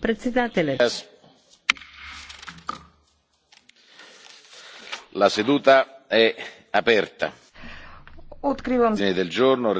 Председателят. La seduta è aperta. Откривам.